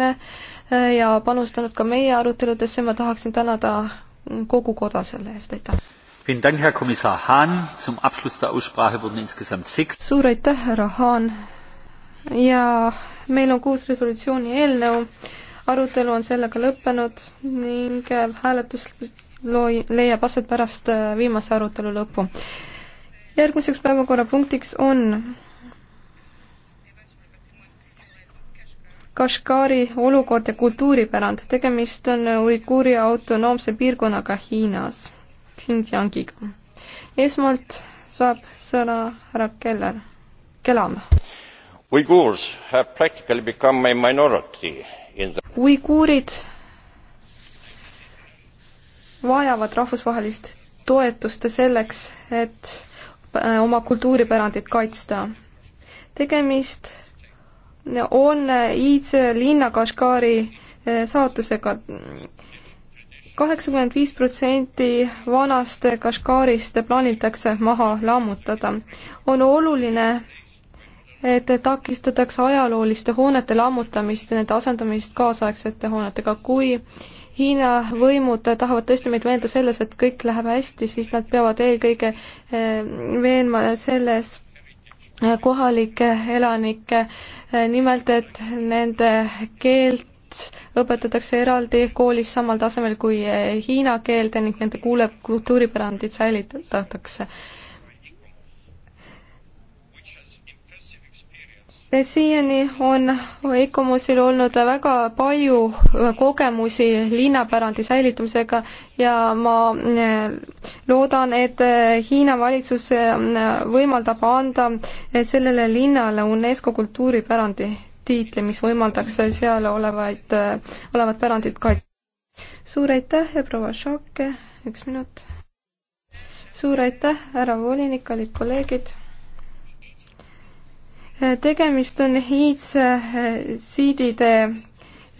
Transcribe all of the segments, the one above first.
Äh, ja panustanud ka meie aruteludesse, ma tahaksin tänada kogu koda selle eest, aitäh! suur aitäh, härra Haan! ja meil on kuus resolutsiooni eelnõu, arutelu on sellega lõppenud ning äh, hääletus loi-, leiab aset pärast äh, viimase arutelu lõppu. järgmiseks päevakorrapunktiks on Kashgari olukord ja kultuuripärand. tegemist on Uiguuri autonoomse piirkonnaga Hiinas, Xinjiangiga. esmalt saab sõna härra Keller, Kelam. Uiguurs have practically become a minority in the Uiguurid vajavad rahvusvahelist toetust selleks, et äh, oma kultuuripärandit kaitsta. tegemist on iidse linna Kashgari eh, saatusega. kaheksakümmend viis protsenti vanast Kashgarist plaanitakse maha lammutada. on oluline, et takistatakse ajalooliste hoonete lammutamist ja nende asendamist kaasaegsete hoonetega, kui Hiina võimud tahavad tõesti meid veenda selles, et kõik läheb hästi, siis nad peavad eelkõige eh, veenma selles, kohalikke elanikke, nimelt et nende keelt õpetatakse eraldi koolis samal tasemel kui hiina keelde ning nende kuule-, kultuuripärandit säilitatakse siiani on EKOMOS-il olnud väga palju kogemusi linnapärandi säilitamisega ja ma eh, loodan, et eh, Hiina valitsus eh, võimaldab anda sellele linnale UNESCO kultuuripärandi tiitli, mis võimaldaks seal olevaid, olevat pärandit kaitsta. suur aitäh ja proua Šake, üks minut. suur aitäh, härra volinik, kallid kolleegid tegemist on hiidsiidide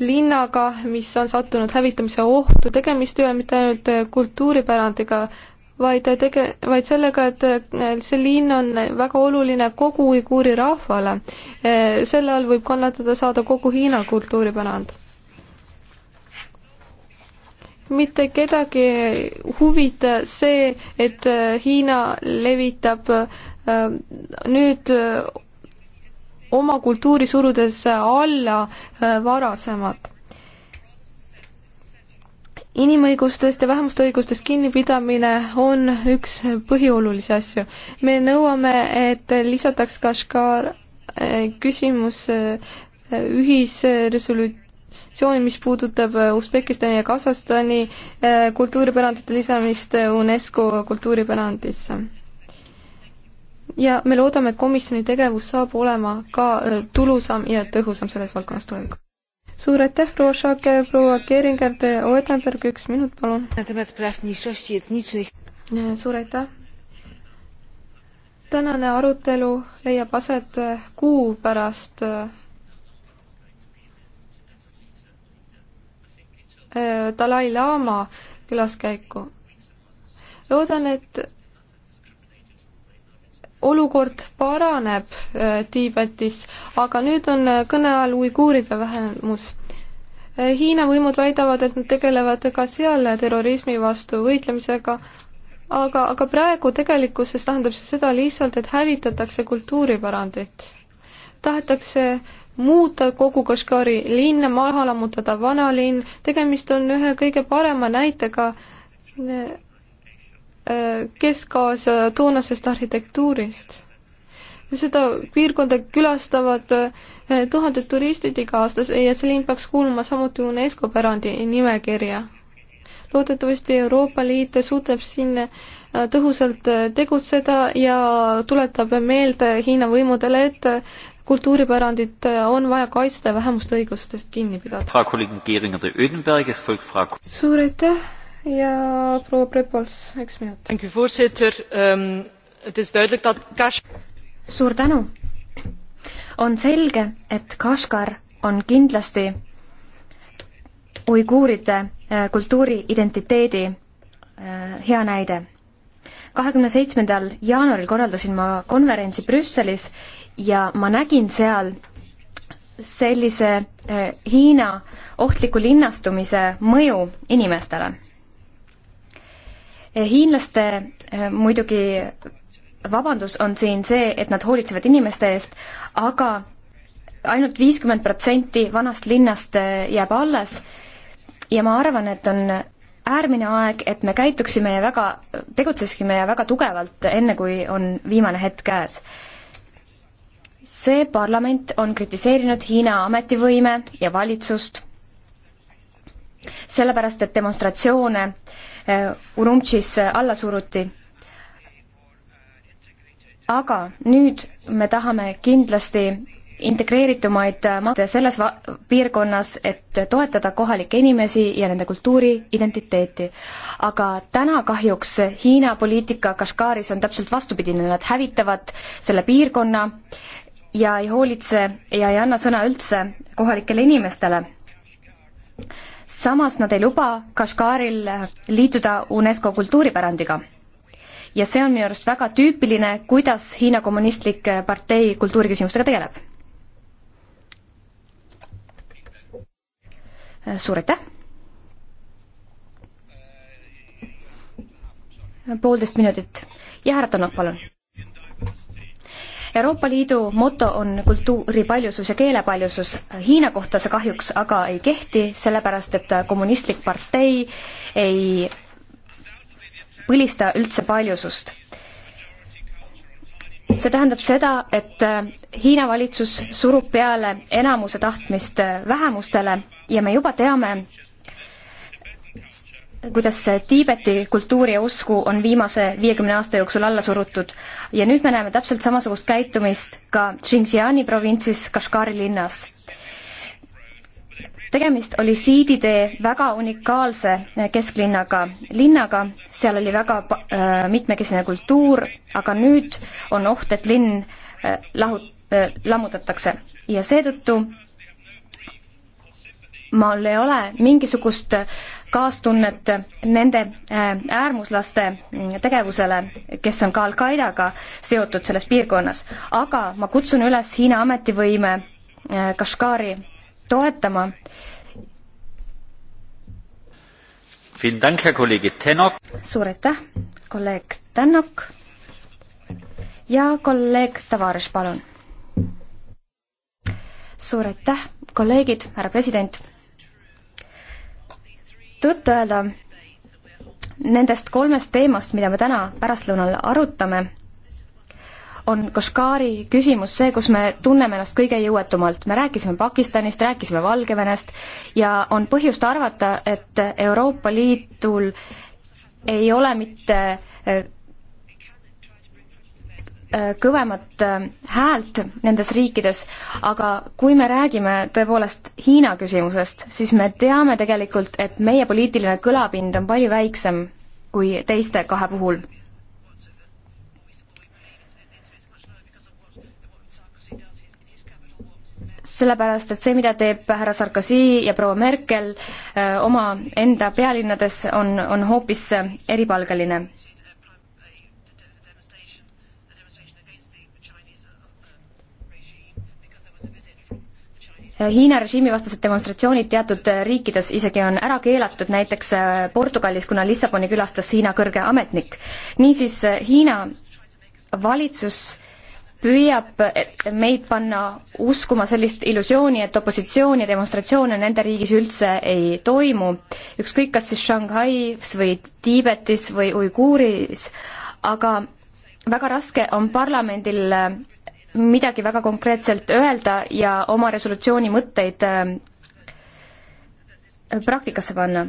linnaga, mis on sattunud hävitamise ohtu, tegemist ei ole mitte ainult kultuuripärandiga, vaid tege-, vaid sellega, et see linn on väga oluline kogu uiguuri rahvale. selle all võib kannatada saada kogu Hiina kultuuripärand. mitte kedagi huvita see, et Hiina levitab äh, nüüd oma kultuuri surudes alla äh, varasemat. inimõigustest ja vähemuste õigustest kinnipidamine on üks põhiolulisi asju. me nõuame, et lisataks ka škaar äh, küsimus äh, ühisresolutsiooni, mis puudutab Usbekistani ja Kasahstani kultuuripärandite lisamist UNESCO kultuuripärandisse ja me loodame, et komisjoni tegevus saab olema ka äh, tulusam ja tõhusam selles valdkonnas tulevikus. suur aitäh, proua Šake, proua Keringer, te Oedenberg, üks minut, palun. suur aitäh. tänane arutelu leiab aset äh, kuu pärast äh, Dalai-laama külaskäiku. loodan, et olukord paraneb äh, Tiibetis, aga nüüd on äh, kõne all uiguuride vähemus. Äh, Hiina võimud väidavad, et nad tegelevad ka seal terrorismi vastu võitlemisega, aga, aga praegu tegelikkuses tähendab see seda lihtsalt, et hävitatakse kultuuripärandit. tahetakse muuta kogu Kashgari linna, maha lammutada vanalinn, tegemist on ühe kõige parema näitega Äh, Kesk-Aasia toonasest arhitektuurist. seda piirkonda külastavad äh, tuhanded turistid iga aasta ja see linn peaks kuuluma samuti UNESCO pärandi nimekirja. loodetavasti Euroopa Liit suudab siin äh, tõhusalt tegutseda ja tuletab meelde Hiina võimudele, et kultuuripärandit on vaja kaitsta ja vähemuste õigustest kinni pidada. suur aitäh! ja proua Prepols, üks minut. Ehm, suur tänu. on selge, et Kashgar on kindlasti uiguuride eh, kultuuriidentiteedi eh, hea näide. kahekümne seitsmendal jaanuaril korraldasin ma konverentsi Brüsselis ja ma nägin seal sellise eh, Hiina ohtliku linnastumise mõju inimestele Eh, hiinlaste eh, muidugi vabandus on siin see, et nad hoolitsevad inimeste eest, aga ainult viiskümmend protsenti vanast linnast eh, jääb alles ja ma arvan, et on äärmine aeg, et me käituksime ja väga, tegutseksime ja väga tugevalt, enne kui on viimane hetk käes. see parlament on kritiseerinud Hiina ametivõime ja valitsust, sellepärast et demonstratsioone äh, Äh, Urumtšis äh, alla suruti. aga nüüd me tahame kindlasti integreeritumaid äh, maade selles piirkonnas, et toetada kohalikke inimesi ja nende kultuuri identiteeti. aga täna kahjuks Hiina poliitika Kashgaris on täpselt vastupidine, nad hävitavad selle piirkonna ja ei hoolitse ja ei anna sõna üldse kohalikele inimestele samas nad ei luba Kashgaril liituda UNESCO kultuuripärandiga. ja see on minu arust väga tüüpiline, kuidas Hiina Kommunistlik Partei kultuuriküsimustega tegeleb. suur aitäh! poolteist minutit. ja härra Tanok, palun Euroopa Liidu moto on kultuuri paljusus ja keele paljusus. Hiina kohta see kahjuks aga ei kehti, sellepärast et kommunistlik partei ei põlista üldse paljusust. see tähendab seda, et Hiina valitsus surub peale enamuse tahtmist vähemustele ja me juba teame, kuidas Tiibeti kultuuri ja usku on viimase viiekümne aasta jooksul alla surutud. ja nüüd me näeme täpselt samasugust käitumist ka Xinjiani provintsis Kashgari linnas. tegemist oli siiditee väga unikaalse kesklinnaga, linnaga, seal oli väga äh, mitmekesine kultuur, aga nüüd on oht, et linn äh, lahu- äh,, lammutatakse ja seetõttu mul ei ole mingisugust äh, kaastunnet nende äh, äärmuslaste mm, tegevusele, kes on ka Al-Qaedaga seotud selles piirkonnas. aga ma kutsun üles Hiina ametivõime äh, Kashgari toetama. suur aitäh, kolleeg Tänok ja kolleeg Tavares, palun. suur aitäh, kolleegid, härra president tõtt-öelda nendest kolmest teemast, mida me täna pärastlõunal arutame, on Kashgari küsimus see, kus me tunneme ennast kõige jõuetumalt. me rääkisime Pakistanist, rääkisime Valgevenest ja on põhjust arvata, et Euroopa Liidul ei ole mitte Äh, kõvemat äh, häält nendes riikides, aga kui me räägime tõepoolest Hiina küsimusest, siis me teame tegelikult, et meie poliitiline kõlapind on palju väiksem kui teiste kahe puhul. sellepärast, et see, mida teeb härra Sarkozy ja proua Merkel öö, äh, omaenda pealinnades, on, on hoopis eripalgeline Hiina režiimi vastased demonstratsioonid teatud riikides isegi on ära keelatud, näiteks äh, Portugalis, kuna Lissaboni külastas Hiina kõrge ametnik. niisiis äh, Hiina valitsus püüab äh, meid panna uskuma sellist illusiooni, et opositsiooni ja demonstratsioone nende riigis üldse ei toimu, ükskõik kas siis Shanghais või Tiibetis või Uiguuris, aga väga raske on parlamendil midagi väga konkreetselt öelda ja oma resolutsiooni mõtteid äh, praktikasse panna.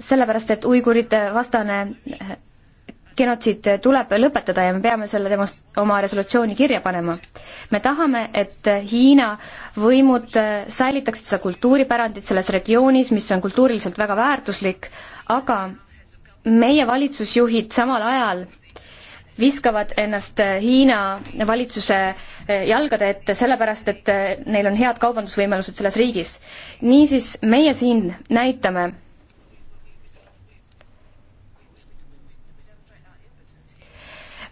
sellepärast, et uigurite vastane äh, genotsiid tuleb lõpetada ja me peame selle demonst-, oma resolutsiooni kirja panema. me tahame, et Hiina võimud äh, säilitaksid seda kultuuripärandit selles regioonis, mis on kultuuriliselt väga väärtuslik, aga meie valitsusjuhid samal ajal viskavad ennast Hiina valitsuse eh, jalgade ette, sellepärast et eh, neil on head kaubandusvõimalused selles riigis. niisiis, meie siin näitame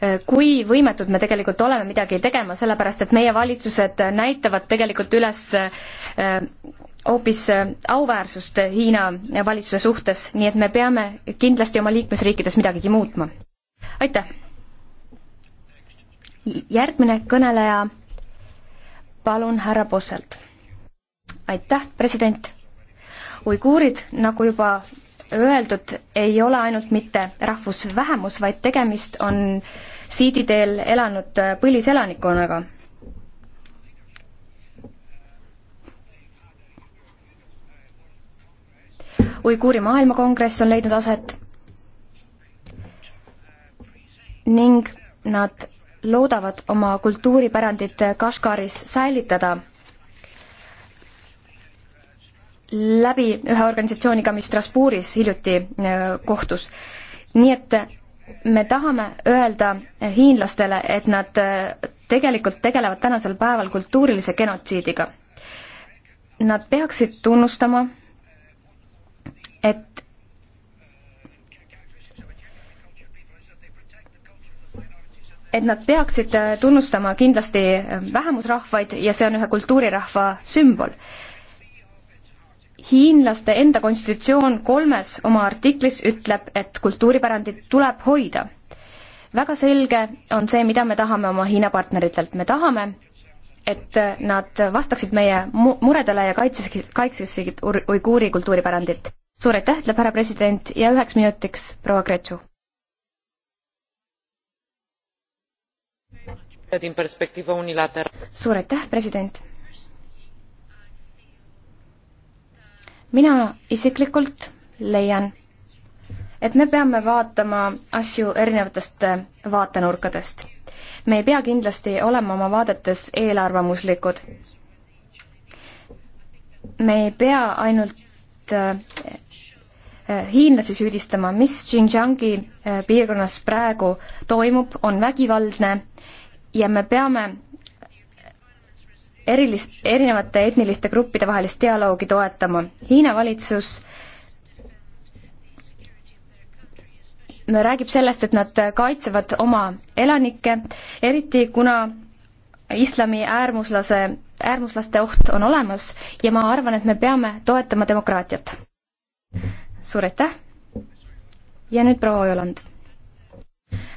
eh, kui võimetud me tegelikult oleme midagi tegema, sellepärast et meie valitsused näitavad tegelikult üles hoopis auväärsust Hiina valitsuse suhtes, nii et me peame kindlasti oma liikmesriikides midagigi muutma. aitäh! järgmine kõneleja, palun härra Posselt. aitäh, president. uiguurid, nagu juba öeldud, ei ole ainult mitte rahvusvähemus, vaid tegemist on siiditeel elanud põliselanikkonnaga. uiguuri maailmakongress on leidnud aset ning nad loodavad oma kultuuripärandit Kashgaris säilitada läbi ühe organisatsiooniga, mis Strasbourgis hiljuti äh, kohtus. nii et me tahame öelda hiinlastele, et nad äh, tegelikult tegelevad tänasel päeval kultuurilise genotsiidiga. Nad peaksid tunnustama, et et nad peaksid äh, tunnustama kindlasti äh, vähemusrahvaid ja see on ühe kultuurirahva sümbol. hiinlaste enda konstitutsioon kolmes oma artiklis ütleb, et kultuuripärandit tuleb hoida. väga selge on see, mida me tahame oma Hiina partneritelt, me tahame, et äh, nad vastaksid meie mu-, muredele ja kaitsesid, kaitsesid uiguuri kultuuripärandit. suur aitäh, ütleb härra president ja üheks minutiks proua Gretšu suur aitäh, president! mina isiklikult leian, et me peame vaatama asju erinevatest vaatenurkadest. me ei pea kindlasti olema oma vaadetes eelarvamuslikud. me ei pea ainult eh, eh, hiinlasi süüdistama, mis Xinjiangi eh, piirkonnas praegu toimub, on vägivaldne ja me peame erilist, erinevate etniliste gruppide vahelist dialoogi toetama. Hiina valitsus räägib sellest, et nad kaitsevad oma elanikke, eriti kuna islami äärmuslase, äärmuslaste oht on olemas ja ma arvan, et me peame toetama demokraatiat. suur aitäh! ja nüüd proua Ojoland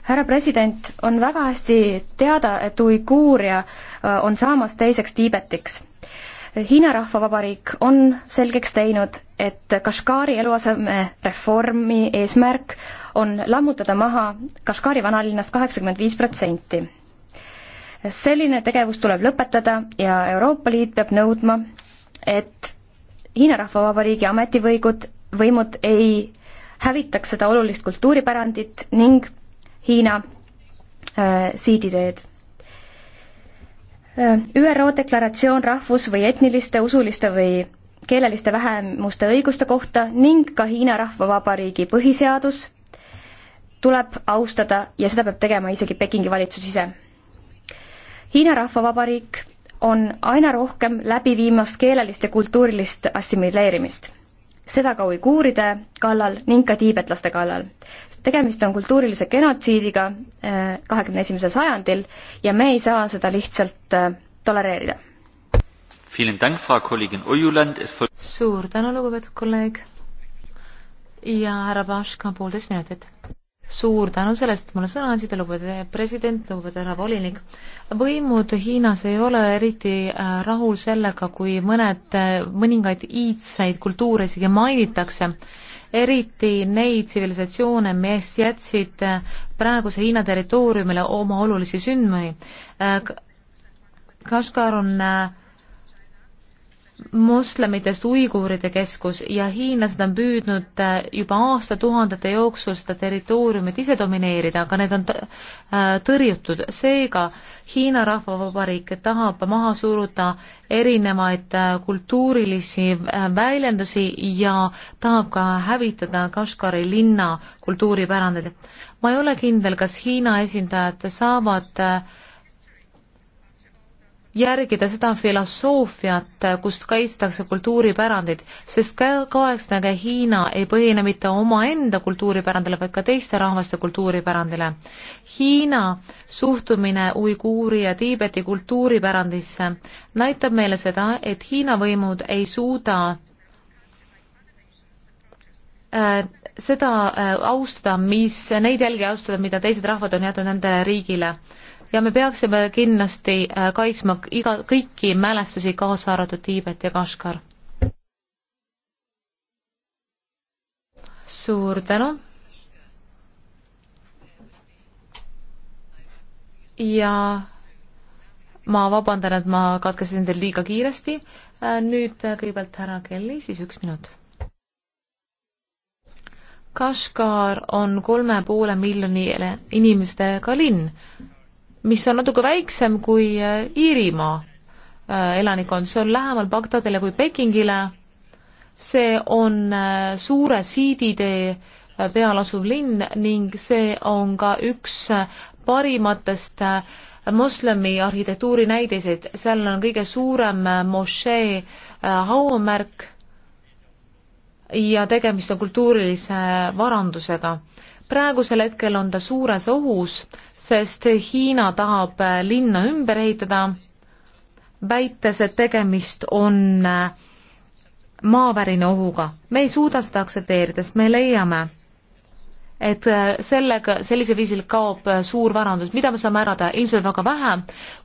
härra president, on väga hästi teada, et Uiguuria äh, on saamas teiseks Tiibetiks. Hiina Rahvavabariik on selgeks teinud, et Kashgari eluasemereformi eesmärk on lammutada maha Kashgari vanalinnast kaheksakümmend viis protsenti. selline tegevus tuleb lõpetada ja Euroopa Liit peab nõudma, et Hiina Rahvavabariigi ametivõigud, võimud ei hävitaks seda olulist kultuuripärandit ning Hiina äh, siiditeed äh, ÜRO deklaratsioon rahvus- või etniliste, usuliste või keeleliste vähemuste õiguste kohta ning ka Hiina Rahvavabariigi põhiseadus tuleb austada ja seda peab tegema isegi Pekingi valitsus ise. Hiina Rahvavabariik on aina rohkem läbi viimas keelelist ja kultuurilist assimileerimist seda ka uiguuride kallal ning ka tiibetlaste kallal. tegemist on kultuurilise genotsiidiga äh, kahekümne esimesel sajandil ja me ei saa seda lihtsalt äh, tolereerida. suur tänu, lugupeetud kolleeg ja härra Paška, poolteist minutit suur tänu sellest, et mulle sõna andsite, lugupeetud president, lugupeetud härra volinik. võimud Hiinas ei ole eriti äh, rahul sellega, kui mõned, äh, mõningaid iidseid kultuure isegi mainitakse, eriti neid tsivilisatsioone, mis jätsid äh, praeguse Hiina territooriumile oma olulisi sündmusi. Kashgar on äh, moslemitest uiguuride keskus ja hiinlased on püüdnud äh, juba aastatuhandete jooksul seda territooriumit ise domineerida, aga need on äh, tõrjutud. seega Hiina Rahvavabariik tahab maha suruda erinevaid äh, kultuurilisi väljendusi ja tahab ka hävitada Kashgari linna kultuuripärandit. ma ei ole kindel, kas Hiina esindajad saavad äh, järgida seda filosoofiat, kust kaitstakse kultuuripärandit, sest ka kaasaegne Hiina ei põhine mitte omaenda kultuuripärandile, vaid ka teiste rahvaste kultuuripärandile. Hiina suhtumine uiguuri ja Tiibeti kultuuripärandisse näitab meile seda, et Hiina võimud ei suuda äh, seda äh, austada, mis, neid jälgi austada, mida teised rahvad on jätnud nendele riigile äh, ja me peaksime kindlasti äh, kaitsma iga, kõiki mälestusi, kaasa arvatud Tiibet ja Kashgar. suur tänu. ja ma vabandan, et ma katkestasin teil liiga kiiresti. Äh, nüüd äh, kõigepealt härra Kelly, siis üks minut Kashgar on kolme poole miljonile inimestega linn mis on natuke väiksem kui äh, Iirimaa äh, elanikkond, see on lähemal Bagdadile kui Pekingile, see on äh, suure siiditee peal asuv linn ning see on ka üks parimatest moslemi arhitektuuri näidiseid, seal on kõige suurem mošee hauamärk ja tegemist on kultuurilise varandusega praegusel hetkel on ta suures ohus, sest Hiina tahab äh, linna ümber ehitada, väites, et tegemist on äh, maavärina ohuga. me ei suuda seda aktsepteerida, sest me leiame, et äh, sellega, sellisel viisil kaob suur varandus, mida me saame ära teha, ilmselt väga vähe,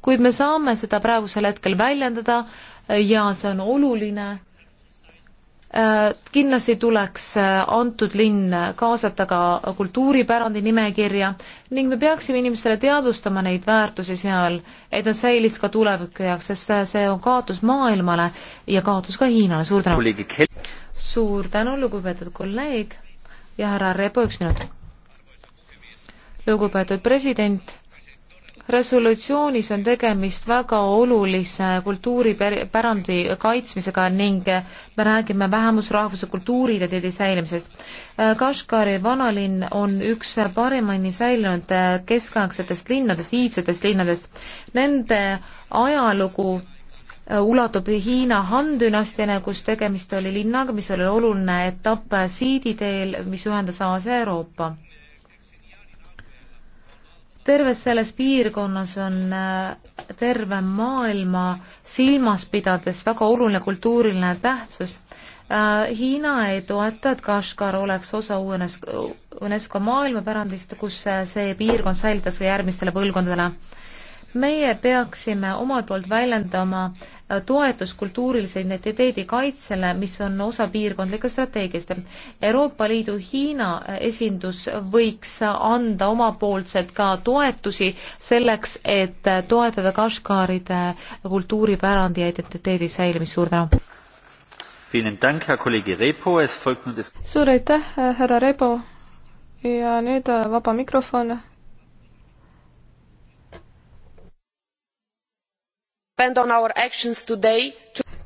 kuid me saame seda praegusel hetkel väljendada ja see on oluline Äh, kindlasti tuleks äh, antud linn kaasata ka kultuuripärandi nimekirja ning me peaksime inimestele teadvustama neid väärtusi seal, et nad säiliks ka tuleviku jaoks, sest äh, see on kaotus maailmale ja kaotus ka Hiinale, suur tänu. suur tänu, lugupeetud kolleeg ja härra Repo, üks minut. lugupeetud president resolutsioonis on tegemist väga olulise kultuuripärandi kaitsmisega ning me räägime vähemusrahvuse kultuuriidentiteedi säilimisest. Kashgari vanalinn on üks parimini säilinud keskaegsetest linnadest, iidsetest linnadest. Nende ajalugu ulatub Hiina Han-dünastiani, kus tegemist oli linnaga, mis oli oluline etapp siiditeel, mis ühendas Aasia ja Euroopa terves selles piirkonnas on äh, terve maailma silmas pidades väga oluline kultuuriline tähtsus. Äh, Hiina ei toeta, et Kashgar oleks osa UNESCO maailmapärandist, kus äh, see piirkond säilitakse järgmistele põlvkondadele meie peaksime omalt poolt väljendama äh, toetust kultuurilise identiteedi kaitsele, mis on osa piirkondlikest strateegiast. Euroopa Liidu Hiina äh, esindus võiks anda omapoolselt ka toetusi selleks, et äh, toetada Kashgaride kultuuripärandi ja identiteedi säilimist. suur tänu! suur aitäh, härra Rebo! ja nüüd vaba mikrofon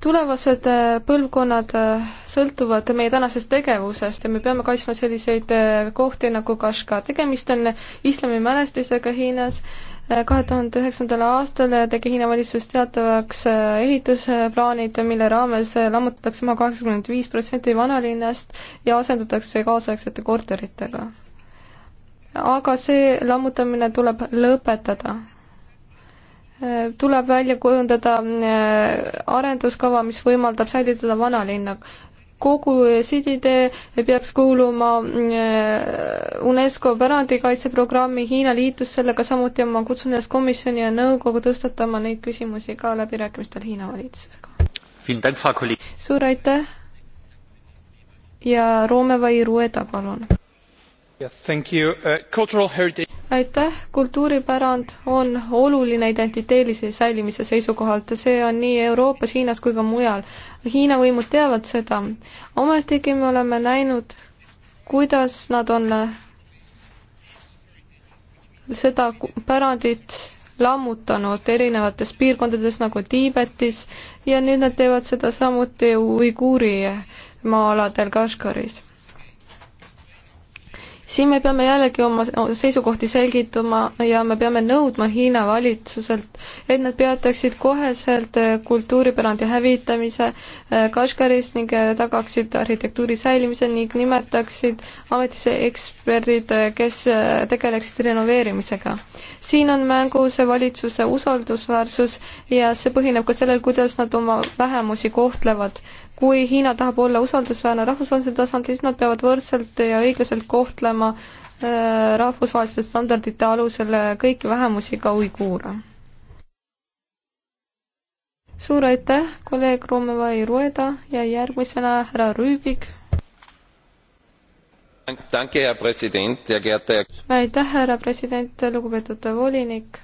tulevased äh, põlvkonnad äh, sõltuvad meie tänasest tegevusest ja me peame kaitsma selliseid äh, kohti nagu Kashgar. tegemist on islami mälestisega Hiinas. kahe tuhande üheksandal aastal tegi Hiina valitsus teatavaks ehitusplaanid, mille raames lammutatakse maha kaheksakümmend viis protsenti vanalinnast ja asendatakse kaasaegsete korteritega. aga see lammutamine tuleb lõpetada tuleb välja kujundada äh, arenduskava, mis võimaldab säilitada vanalinna. kogu siditee peaks kuuluma äh, UNESCO pärandikaitseprogrammi, Hiina liitus sellega samuti ja ma kutsun üles komisjoni ja nõukogu tõstatama neid küsimusi ka läbirääkimistel Hiina valitsusega. suur aitäh ja Roome vai Rueda, palun! Uh, aitäh, kultuuripärand on oluline identiteedilise säilimise seisukohalt ja see on nii Euroopas, Hiinas kui ka mujal. Hiina võimud teavad seda. ometigi me oleme näinud, kuidas nad on äh, seda pärandit lammutanud erinevates piirkondades nagu Tiibetis ja nüüd nad teevad seda samuti uiguuri maa-aladel Kashgaris siin me peame jällegi oma seisukohti selgitama ja me peame nõudma Hiina valitsuselt, et nad peataksid koheselt eh, kultuuripärandi hävitamise eh, Kashgaris ning eh, tagaksid arhitektuuri säilimise ning nimetaksid ametisse eksperdid, kes tegeleksid renoveerimisega. siin on mängus valitsuse usaldusväärsus ja see põhineb ka sellel, kuidas nad oma vähemusi kohtlevad kui Hiina tahab olla usaldusväärne rahvusvahelisel tasandil, siis nad peavad võrdselt ja õiglaselt kohtlema äh, rahvusvaheliste standardite alusel kõiki vähemusi, ka uiguure. suur aitäh, kolleeg Romevai Rueda ja järgmisena härra Rüübik. aitäh, härra president, lugupeetud volinik.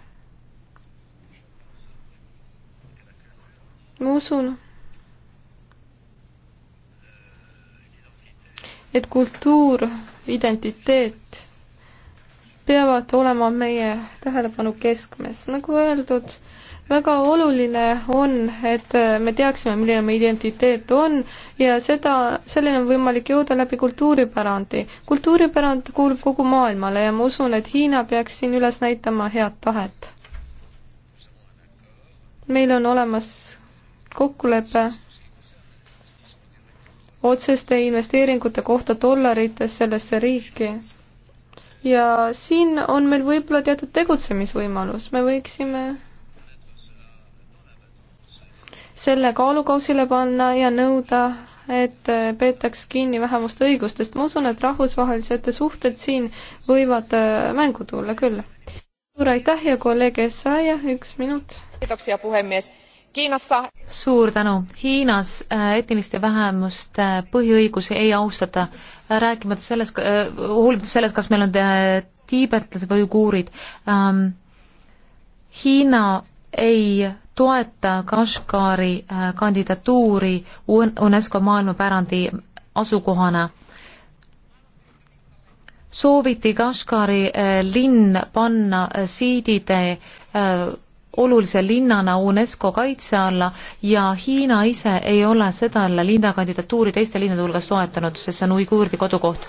ma usun et kultuur, identiteet peavad olema meie tähelepanu keskmes. nagu öeldud, väga oluline on, et me teaksime, milline meie identiteet on ja seda, selleni on võimalik jõuda läbi kultuuripärandi. kultuuripärand kuulub kogu maailmale ja ma usun, et Hiina peaks siin üles näitama head tahet. meil on olemas kokkulepe otseste investeeringute kohta dollarites sellesse riiki. ja siin on meil võib-olla teatud tegutsemisvõimalus, me võiksime selle kaalukausile panna ja nõuda, et peetaks kinni vähemuste õigustest. ma usun, et rahvusvahelised suhted siin võivad äh, mängu tulla küll. suur aitäh ja kolleeg Essaia, üks minut. kiitoksia, puhemees Kiinassa. suur tänu. Hiinas äh, etniliste vähemuste äh, põhiõigusi ei austata, äh, rääkimata sellest, hoolimata sellest, kas meil on tiibetlased või uguurid ähm,. Hiina ei toeta Kashgari kandidatuuri UNESCO maailmapärandi asukohana. sooviti Kashgari linn panna siidide äh, olulise linnana UNESCO kaitse alla ja Hiina ise ei ole seda linna kandidatuuri teiste linnade hulgas soetanud, sest see on uiguurdi kodukoht.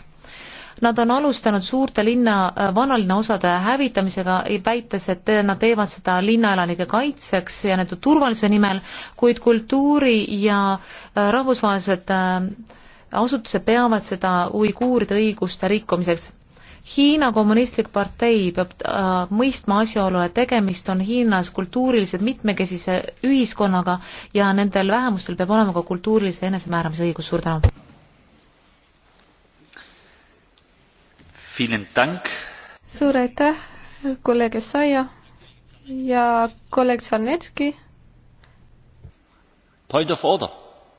Nad on alustanud suurte linna, äh, vanalinna osade hävitamisega, väites, et nad teevad seda linnaelanike kaitseks ja nende turvalisuse nimel, kuid kultuuri ja äh, rahvusvahelised äh, asutused peavad seda uiguuride õiguste rikkumiseks Hiina Kommunistlik Partei peab äh, mõistma asjaolu, et tegemist on Hiinas kultuuriliselt mitmekesise ühiskonnaga ja nendel vähemustel peab olema ka kultuurilise enesemääramise õigus, suur tänu. suur aitäh, kolleeg Essaia ja kolleeg Sarnetski.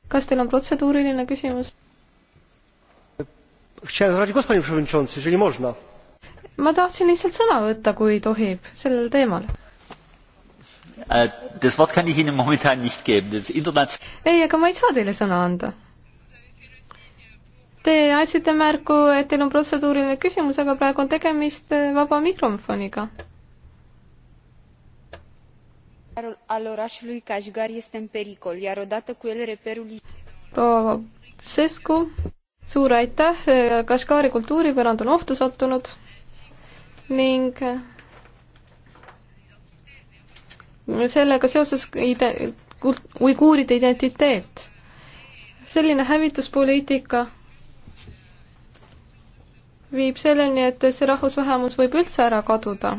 kas teil on protseduuriline küsimus? ma tahtsin lihtsalt sõna võtta, kui tohib, sellel teemal äh, das Wort kann ich Ihnen momentan nicht geben. Das Internet... ei, aga ma ei saa teile sõna anda. Te andsite märku, et teil on protseduuriline küsimus, aga praegu on tegemist äh, vaba mikrofoniga. proua Sesku suur aitäh, Kashgari kultuuripärand on ohtu sattunud ning sellega seoses ide-, uiguuride identiteet. selline hävituspoliitika viib selleni, et see rahvusvähemus võib üldse ära kaduda.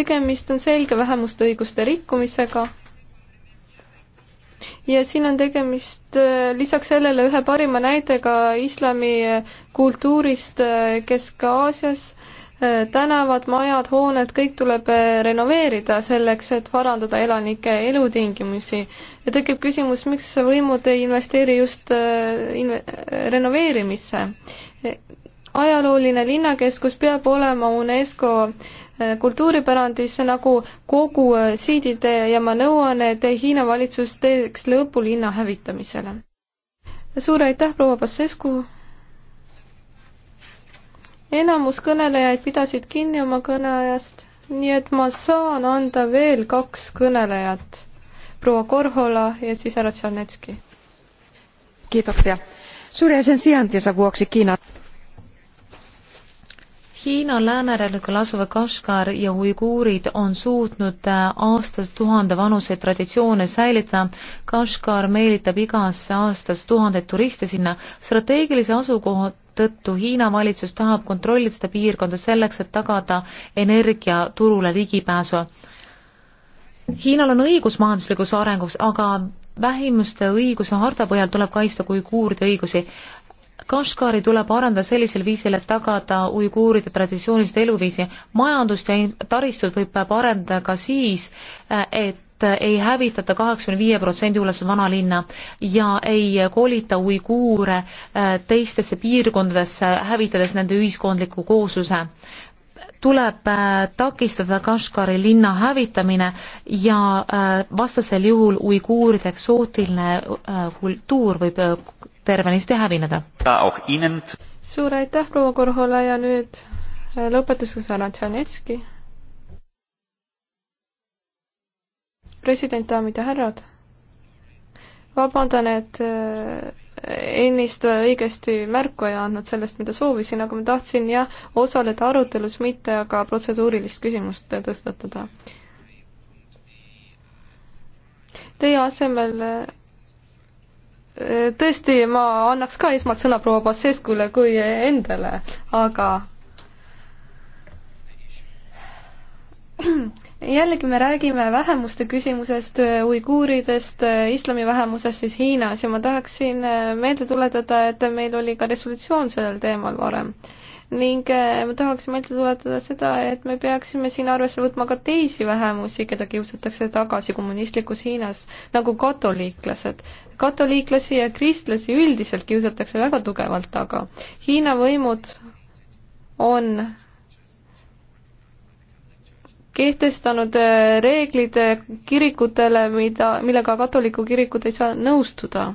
tegemist on selge vähemuste õiguste rikkumisega ja siin on tegemist äh, lisaks sellele ühe parima näitega islami äh, kultuurist äh, Kesk-Aasias. tänavad, majad, hooned, kõik tuleb renoveerida selleks, et parandada elanike elutingimusi. ja tekib küsimus, miks võimud ei investeeri just inve-, renoveerimisse? ajalooline linnakeskus peab olema UNESCO äh, Äh, kultuuripärandis nagu kogu äh, siiditee ja ma nõuan, et Hiina valitsus teeks lõpu linna hävitamisele. suur aitäh, proua Pasescu! enamus kõnelejaid pidasid kinni oma kõneajast, nii et ma saan anda veel kaks kõnelejat, proua Korhola ja siis härra Tšernetski. kiitoksia. suure sen sijaintinsa vuoksi Kiina Hiina läänerannikul asuva Kashgar ja uiguurid on suutnud äh, aastast tuhande vanuseid traditsioone säilitada. Kashgar meelitab igasse aastas tuhandeid turiste sinna. strateegilise asukoha tõttu Hiina valitsus tahab kontrollida seda piirkonda selleks, et tagada energiaturule ligipääsu. Hiinal on õigus majanduslikuks arenguks, aga vähimuste õiguse harta põhjal tuleb kaitsta uiguuride õigusi Kashgari tuleb arendada sellisel viisil, et tagada uiguuride traditsioonilist eluviisi. majandust ja taristut võib arendada ka siis, äh, et ei hävitata kaheksakümne viie protsendi ulatuses vanalinna ja ei kolita uiguure äh, teistesse piirkondadesse, hävitades nende ühiskondliku koosluse. tuleb äh, takistada Kashgari linna hävitamine ja vastasel juhul uiguuride eksootiline kultuur võib tervenisti hävineda. suur aitäh, proua Korhola ja nüüd äh, lõpetuseks härra Tšanetski. president, daamid ja härrad, vabandan, et äh, ennist õigesti märku ei andnud sellest, mida soovisin, aga ma tahtsin jah, osaleda arutelus, mitte aga protseduurilist küsimust tõstatada. Teie asemel äh, tõesti, ma annaks ka esmalt sõna proua Basescule kui endale, aga jällegi me räägime vähemuste küsimusest, uiguuridest, islamivähemusest siis Hiinas ja ma tahaksin meelde tuletada, et meil oli ka resolutsioon sellel teemal varem. ning eh, ma tahaksin meelde tuletada seda, et me peaksime siin arvesse võtma ka teisi vähemusi, keda kiusatakse tagasi kommunistlikus Hiinas, nagu katoliiklased katoliiklasi ja kristlasi üldiselt kiusatakse väga tugevalt taga. Hiina võimud on kehtestanud äh, reeglid äh, kirikutele, mida, millega katoliku kirikud ei saa nõustuda.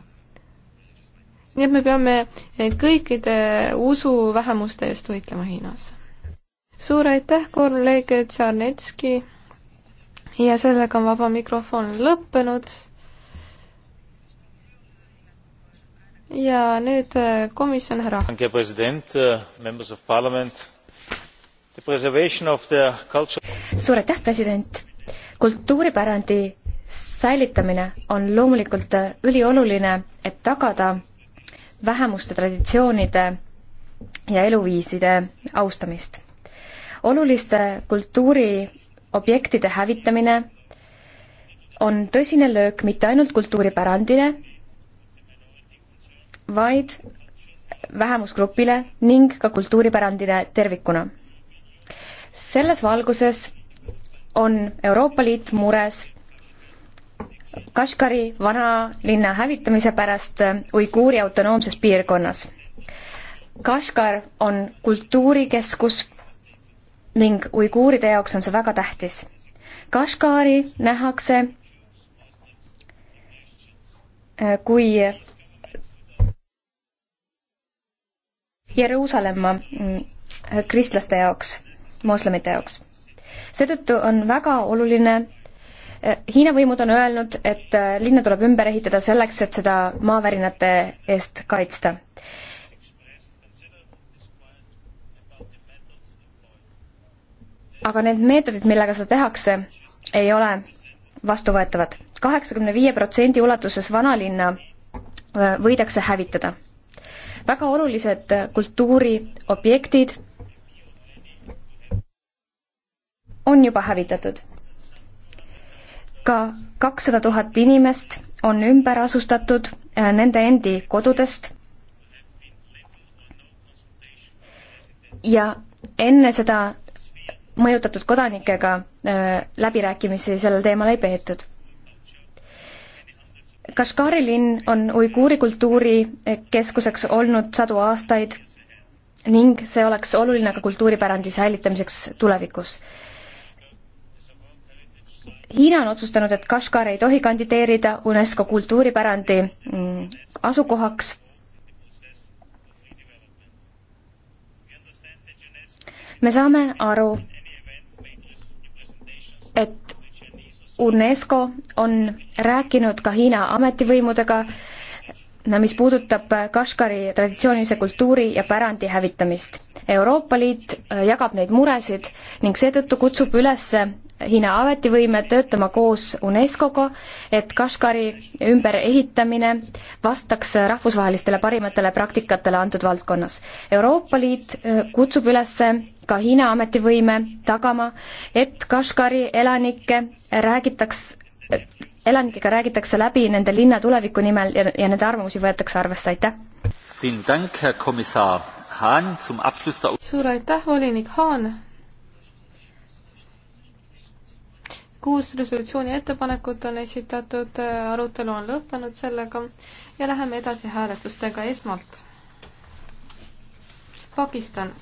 nii et me peame äh, kõikide usuvähemuste eest võitlema Hiinas. suur aitäh, kolleeg Tšarnetski ja sellega on vaba mikrofon lõppenud ja nüüd äh, komisjon härra. Äh, suur aitäh, president. kultuuripärandi säilitamine on loomulikult äh, ülioluline, et tagada vähemuste traditsioonide ja eluviiside austamist. oluliste kultuuriobjektide hävitamine on tõsine löök mitte ainult kultuuripärandile, vaid vähemusgrupile ning ka kultuuripärandile tervikuna. selles valguses on Euroopa Liit mures Kashgari vanalinna hävitamise pärast uiguuri autonoomses piirkonnas. Kashgar on kultuurikeskus ning uiguuride jaoks on see väga tähtis. Kashgari nähakse kui Jeruusalemma mm, kristlaste jaoks, moslemite jaoks. seetõttu on väga oluline eh, Hiina võimud on öelnud, et eh, linna tuleb ümber ehitada selleks, et seda maavärinate eest kaitsta aga need meetodid, millega seda tehakse, ei ole vastuvõetavad. kaheksakümne viie protsendi ulatuses vanalinna eh, võidakse hävitada väga olulised kultuuriobjektid on juba hävitatud. ka kakssada tuhat inimest on ümber asustatud äh, nende endi kodudest ja enne seda mõjutatud kodanikega äh, läbirääkimisi sellel teemal ei peetud Kashgari linn on uiguuri kultuurikeskuseks eh, olnud sadu aastaid ning see oleks oluline ka kultuuripärandi säilitamiseks tulevikus. Hiina on otsustanud, et Kashgar ei tohi kandideerida UNESCO kultuuripärandi mm, asukohaks. me saame aru, et UNESCO on rääkinud ka Hiina ametivõimudega, no mis puudutab Kashgari traditsioonilise kultuuri ja pärandi hävitamist. Euroopa Liit äh, jagab neid muresid ning seetõttu kutsub üles äh, Hiina ametivõime töötama koos UNESCO-ga, et Kashgari ümberehitamine vastaks äh, rahvusvahelistele parimatele praktikatele antud valdkonnas. Euroopa Liit kutsub üles ka Hiina ametivõime tagama, et Kashgari elanikke räägitaks, elanikega räägitakse läbi nende linna tuleviku nimel ja, ja nende arvamusi võetakse arvesse, aitäh! suur aitäh, volinik Haan! kuus resolutsiooni ettepanekut on esitatud, arutelu on lõppenud sellega ja läheme edasi hääletustega esmalt. Pakistan